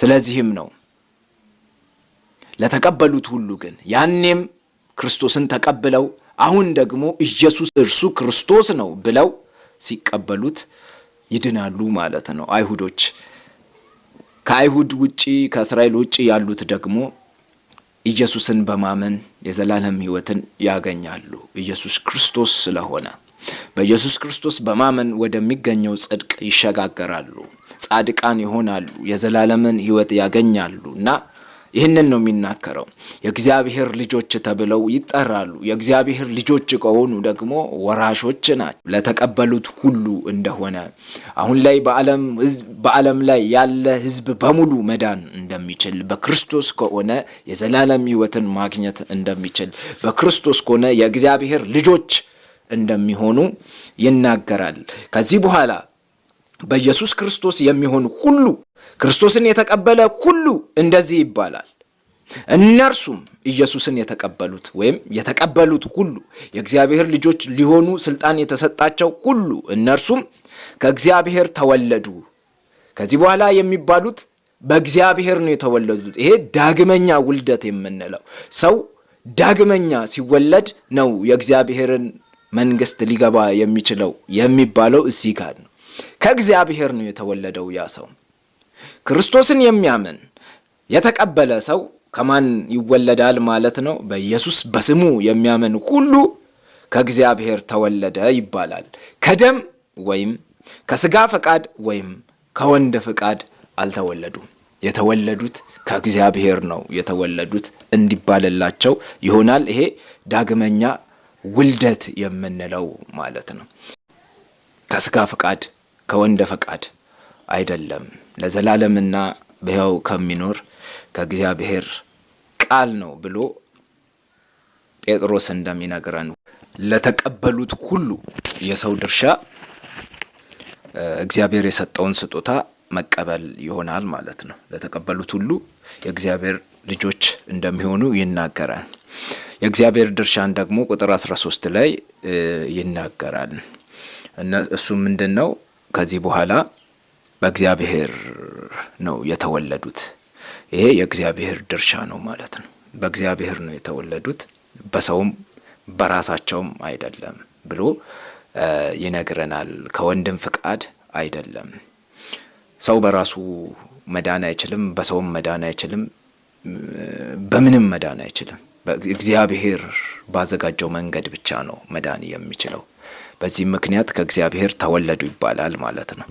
ስለዚህም ነው ለተቀበሉት ሁሉ ግን ያኔም ክርስቶስን ተቀብለው አሁን ደግሞ ኢየሱስ እርሱ ክርስቶስ ነው ብለው ሲቀበሉት ይድናሉ ማለት ነው። አይሁዶች ከአይሁድ ውጪ ከእስራኤል ውጪ ያሉት ደግሞ ኢየሱስን በማመን የዘላለም ሕይወትን ያገኛሉ። ኢየሱስ ክርስቶስ ስለሆነ በኢየሱስ ክርስቶስ በማመን ወደሚገኘው ጽድቅ ይሸጋገራሉ። ጻድቃን ይሆናሉ፣ የዘላለምን ህይወት ያገኛሉ እና ይህንን ነው የሚናገረው። የእግዚአብሔር ልጆች ተብለው ይጠራሉ። የእግዚአብሔር ልጆች ከሆኑ ደግሞ ወራሾች ናቸው፣ ለተቀበሉት ሁሉ እንደሆነ አሁን ላይ በዓለም ላይ ያለ ህዝብ በሙሉ መዳን እንደሚችል በክርስቶስ ከሆነ የዘላለም ህይወትን ማግኘት እንደሚችል በክርስቶስ ከሆነ የእግዚአብሔር ልጆች እንደሚሆኑ ይናገራል። ከዚህ በኋላ በኢየሱስ ክርስቶስ የሚሆን ሁሉ ክርስቶስን የተቀበለ ሁሉ እንደዚህ ይባላል። እነርሱም ኢየሱስን የተቀበሉት ወይም የተቀበሉት ሁሉ የእግዚአብሔር ልጆች ሊሆኑ ስልጣን የተሰጣቸው ሁሉ እነርሱም ከእግዚአብሔር ተወለዱ። ከዚህ በኋላ የሚባሉት በእግዚአብሔር ነው የተወለዱት። ይሄ ዳግመኛ ውልደት የምንለው ሰው ዳግመኛ ሲወለድ ነው የእግዚአብሔርን መንግስት ሊገባ የሚችለው የሚባለው እዚህ ጋር ነው። ከእግዚአብሔር ነው የተወለደው። ያ ሰው ክርስቶስን የሚያምን የተቀበለ ሰው ከማን ይወለዳል ማለት ነው? በኢየሱስ በስሙ የሚያምን ሁሉ ከእግዚአብሔር ተወለደ ይባላል። ከደም ወይም ከስጋ ፈቃድ ወይም ከወንድ ፈቃድ አልተወለዱም። የተወለዱት ከእግዚአብሔር ነው የተወለዱት እንዲባልላቸው ይሆናል። ይሄ ዳግመኛ ውልደት የምንለው ማለት ነው። ከስጋ ፈቃድ ከወንደ ፈቃድ አይደለም፣ ለዘላለምና በሕያው ከሚኖር ከእግዚአብሔር ቃል ነው ብሎ ጴጥሮስ እንደሚነግረን ለተቀበሉት ሁሉ የሰው ድርሻ እግዚአብሔር የሰጠውን ስጦታ መቀበል ይሆናል ማለት ነው። ለተቀበሉት ሁሉ የእግዚአብሔር ልጆች እንደሚሆኑ ይናገራል። የእግዚአብሔር ድርሻን ደግሞ ቁጥር 13 ላይ ይናገራል። እሱ ምንድን ነው? ከዚህ በኋላ በእግዚአብሔር ነው የተወለዱት። ይሄ የእግዚአብሔር ድርሻ ነው ማለት ነው። በእግዚአብሔር ነው የተወለዱት በሰውም በራሳቸውም አይደለም ብሎ ይነግረናል። ከወንድም ፍቃድ አይደለም። ሰው በራሱ መዳን አይችልም፣ በሰውም መዳን አይችልም፣ በምንም መዳን አይችልም። እግዚአብሔር ባዘጋጀው መንገድ ብቻ ነው መዳን የሚችለው። በዚህ ምክንያት ከእግዚአብሔር ተወለዱ ይባላል ማለት ነው።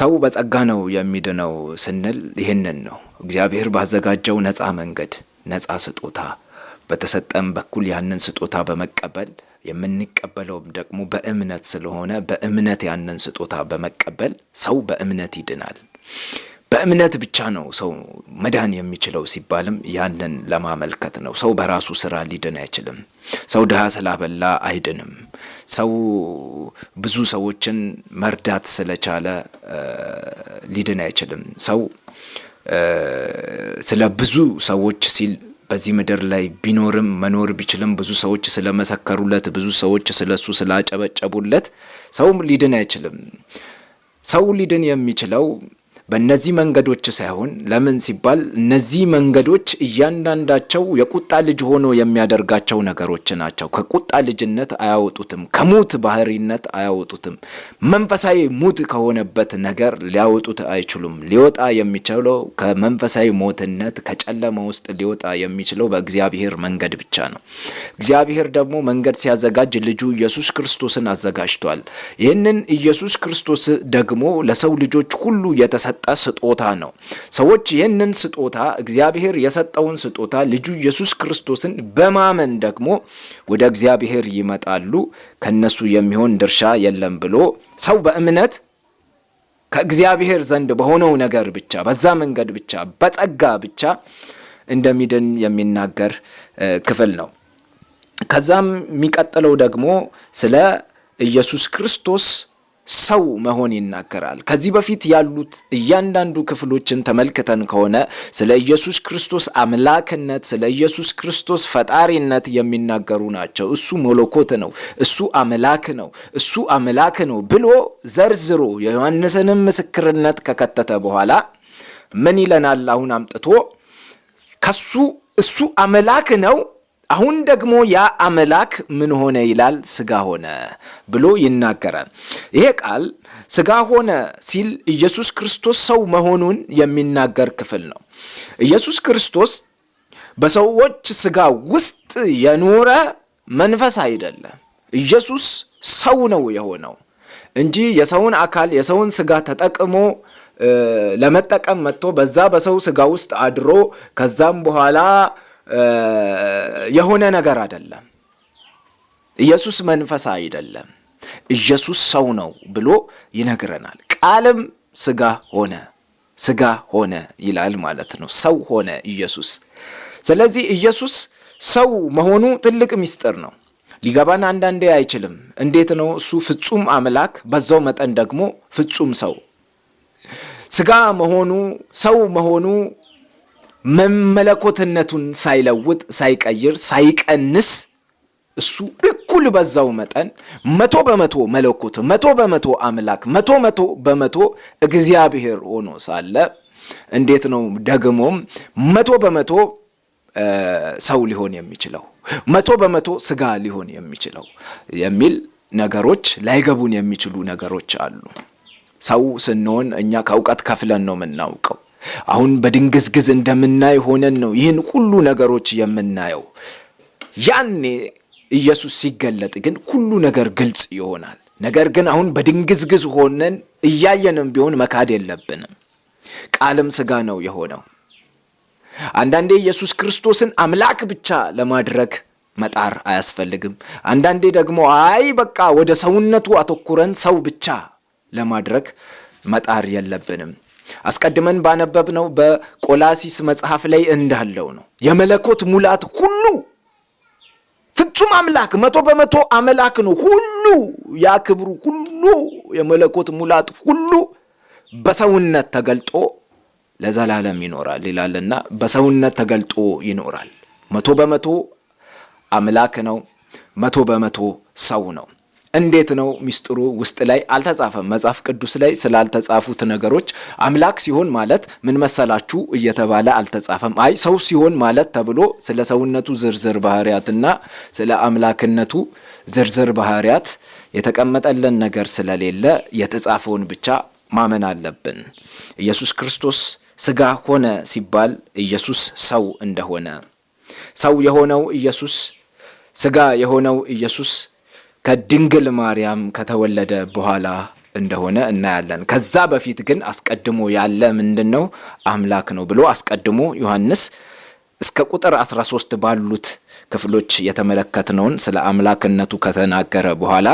ሰው በጸጋ ነው የሚድነው ስንል ይህንን ነው። እግዚአብሔር ባዘጋጀው ነፃ መንገድ፣ ነፃ ስጦታ በተሰጠን በኩል ያንን ስጦታ በመቀበል የምንቀበለውም ደግሞ በእምነት ስለሆነ በእምነት ያንን ስጦታ በመቀበል ሰው በእምነት ይድናል። በእምነት ብቻ ነው ሰው መዳን የሚችለው ሲባልም ያንን ለማመልከት ነው። ሰው በራሱ ስራ ሊድን አይችልም። ሰው ድሃ ስላበላ አይድንም። ሰው ብዙ ሰዎችን መርዳት ስለቻለ ሊድን አይችልም። ሰው ስለ ብዙ ሰዎች ሲል በዚህ ምድር ላይ ቢኖርም መኖር ቢችልም ብዙ ሰዎች ስለመሰከሩለት፣ ብዙ ሰዎች ስለሱ ስላጨበጨቡለት ሰው ሊድን አይችልም። ሰው ሊድን የሚችለው በእነዚህ መንገዶች ሳይሆን ለምን ሲባል እነዚህ መንገዶች እያንዳንዳቸው የቁጣ ልጅ ሆኖ የሚያደርጋቸው ነገሮች ናቸው። ከቁጣ ልጅነት አያወጡትም፣ ከሙት ባህሪነት አያወጡትም። መንፈሳዊ ሙት ከሆነበት ነገር ሊያወጡት አይችሉም። ሊወጣ የሚችለው ከመንፈሳዊ ሞትነት ከጨለማ ውስጥ ሊወጣ የሚችለው በእግዚአብሔር መንገድ ብቻ ነው። እግዚአብሔር ደግሞ መንገድ ሲያዘጋጅ ልጁ ኢየሱስ ክርስቶስን አዘጋጅቷል። ይህንን ኢየሱስ ክርስቶስ ደግሞ ለሰው ልጆች ሁሉ የተሰ የተሰጠ ስጦታ ነው። ሰዎች ይህንን ስጦታ እግዚአብሔር የሰጠውን ስጦታ ልጁ ኢየሱስ ክርስቶስን በማመን ደግሞ ወደ እግዚአብሔር ይመጣሉ። ከነሱ የሚሆን ድርሻ የለም ብሎ ሰው በእምነት ከእግዚአብሔር ዘንድ በሆነው ነገር ብቻ በዛ መንገድ ብቻ በጸጋ ብቻ እንደሚድን የሚናገር ክፍል ነው። ከዛም የሚቀጥለው ደግሞ ስለ ኢየሱስ ክርስቶስ ሰው መሆን ይናገራል። ከዚህ በፊት ያሉት እያንዳንዱ ክፍሎችን ተመልክተን ከሆነ ስለ ኢየሱስ ክርስቶስ አምላክነት፣ ስለ ኢየሱስ ክርስቶስ ፈጣሪነት የሚናገሩ ናቸው። እሱ መለኮት ነው፣ እሱ አምላክ ነው፣ እሱ አምላክ ነው ብሎ ዘርዝሮ የዮሐንስንም ምስክርነት ከከተተ በኋላ ምን ይለናል? አሁን አምጥቶ ከሱ እሱ አምላክ ነው አሁን ደግሞ ያ አምላክ ምን ሆነ ይላል? ስጋ ሆነ ብሎ ይናገራል። ይሄ ቃል ስጋ ሆነ ሲል ኢየሱስ ክርስቶስ ሰው መሆኑን የሚናገር ክፍል ነው። ኢየሱስ ክርስቶስ በሰዎች ስጋ ውስጥ የኖረ መንፈስ አይደለም። ኢየሱስ ሰው ነው የሆነው እንጂ የሰውን አካል የሰውን ስጋ ተጠቅሞ ለመጠቀም መጥቶ በዛ በሰው ስጋ ውስጥ አድሮ ከዛም በኋላ የሆነ ነገር አይደለም። ኢየሱስ መንፈስ አይደለም፣ ኢየሱስ ሰው ነው ብሎ ይነግረናል። ቃልም ስጋ ሆነ ስጋ ሆነ ይላል ማለት ነው። ሰው ሆነ ኢየሱስ። ስለዚህ ኢየሱስ ሰው መሆኑ ትልቅ ምስጢር ነው። ሊገባን አንዳንዴ አይችልም። እንዴት ነው እሱ ፍጹም አምላክ በዛው መጠን ደግሞ ፍጹም ሰው ስጋ መሆኑ ሰው መሆኑ መመለኮትነቱን ሳይለውጥ ሳይቀይር ሳይቀንስ እሱ እኩል በዛው መጠን መቶ በመቶ መለኮት መቶ በመቶ አምላክ መቶ መቶ በመቶ እግዚአብሔር ሆኖ ሳለ እንዴት ነው ደግሞም መቶ በመቶ ሰው ሊሆን የሚችለው መቶ በመቶ ስጋ ሊሆን የሚችለው የሚል ነገሮች ላይገቡን የሚችሉ ነገሮች አሉ። ሰው ስንሆን እኛ ከእውቀት ከፍለን ነው የምናውቀው። አሁን በድንግዝግዝ እንደምናይ ሆነን ነው ይህን ሁሉ ነገሮች የምናየው። ያኔ ኢየሱስ ሲገለጥ ግን ሁሉ ነገር ግልጽ ይሆናል። ነገር ግን አሁን በድንግዝግዝ ሆነን እያየንም ቢሆን መካድ የለብንም። ቃልም ስጋ ነው የሆነው። አንዳንዴ ኢየሱስ ክርስቶስን አምላክ ብቻ ለማድረግ መጣር አያስፈልግም። አንዳንዴ ደግሞ አይ በቃ ወደ ሰውነቱ አተኩረን ሰው ብቻ ለማድረግ መጣር የለብንም። አስቀድመን ባነበብነው በቆላሲስ መጽሐፍ ላይ እንዳለው ነው። የመለኮት ሙላት ሁሉ ፍጹም አምላክ መቶ በመቶ አምላክ ነው። ሁሉ ያ ክብሩ ሁሉ የመለኮት ሙላት ሁሉ በሰውነት ተገልጦ ለዘላለም ይኖራል ይላልና በሰውነት ተገልጦ ይኖራል። መቶ በመቶ አምላክ ነው። መቶ በመቶ ሰው ነው። እንዴት ነው ሚስጥሩ? ውስጥ ላይ አልተጻፈም። መጽሐፍ ቅዱስ ላይ ስላልተጻፉት ነገሮች አምላክ ሲሆን ማለት ምን መሰላችሁ እየተባለ አልተጻፈም። አይ ሰው ሲሆን ማለት ተብሎ ስለ ሰውነቱ ዝርዝር ባህሪያትና ስለ አምላክነቱ ዝርዝር ባህሪያት የተቀመጠልን ነገር ስለሌለ የተጻፈውን ብቻ ማመን አለብን። ኢየሱስ ክርስቶስ ስጋ ሆነ ሲባል ኢየሱስ ሰው እንደሆነ ሰው የሆነው ኢየሱስ ስጋ የሆነው ኢየሱስ ከድንግል ማርያም ከተወለደ በኋላ እንደሆነ እናያለን። ከዛ በፊት ግን አስቀድሞ ያለ ምንድን ነው? አምላክ ነው ብሎ አስቀድሞ ዮሐንስ እስከ ቁጥር 13 ባሉት ክፍሎች የተመለከትነውን ስለ አምላክነቱ ከተናገረ በኋላ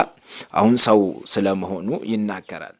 አሁን ሰው ስለመሆኑ ይናገራል።